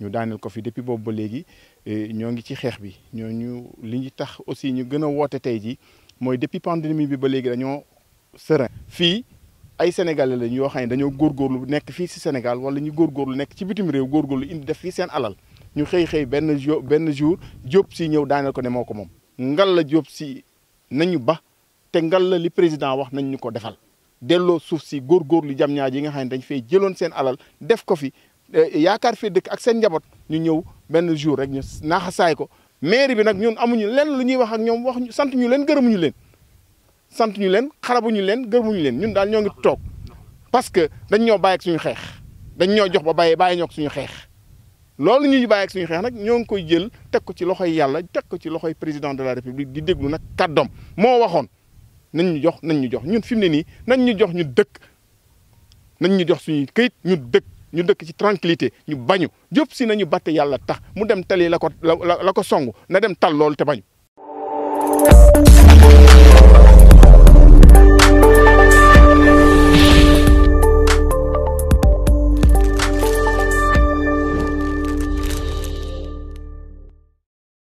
ñu daaneel ko fi depuis boobu ba léegi eh, ñoo ngi ci xeex bi ñooñu li ñu tax aussi ñu gën a woote tey ji mooy depuis pandémie bi ba léegi dañoo serein fii ay sénégalais lañ yoo xam ne dañoo góorgóorlu nekk fii si Sénégal wala ñu góorgóorlu nekk ci bitim réew góorgóorlu indi def fii seen alal ñu xëy xëy benn jo benn jour Diop si ñëw daaneel ko ne moo ko moom ngal la jóob si nañu ba te ngal la li président wax nañ ñu ko defal delloo suuf si góor góorgóorlu jam ñaar yi nga xam ne dañ fee jëloon seen alal def ko fi Il y a ak seen njaboot ñu ñëw benn jour rek ñu naaxasaay ko maire bi nag ñun amuñu lenn lu ñuy wax ak ñoom wax sant ñu leen gërëmuñu leen sant ñu leen xarabuñu leen gërëmuñu leen ñun daal ñoo ngi parce que dañ ñoo bàyyi ak suñu xeex dañ ñoo jox ba bàyyi bàyyi ñoo ak suñu xeex loolu ñu bàyyi ak suñu xeex nag ñoo koy jël ko ci loxoy président de la république di déglu nag kàddoom moo nañ ñu jox nañ ñu jox ñun ñu dëkk ci tranquillité ñu bañu Diop Sy nañu batte yàlla tax mu dem tali la ko la la ko song na dem tal loolu te bañu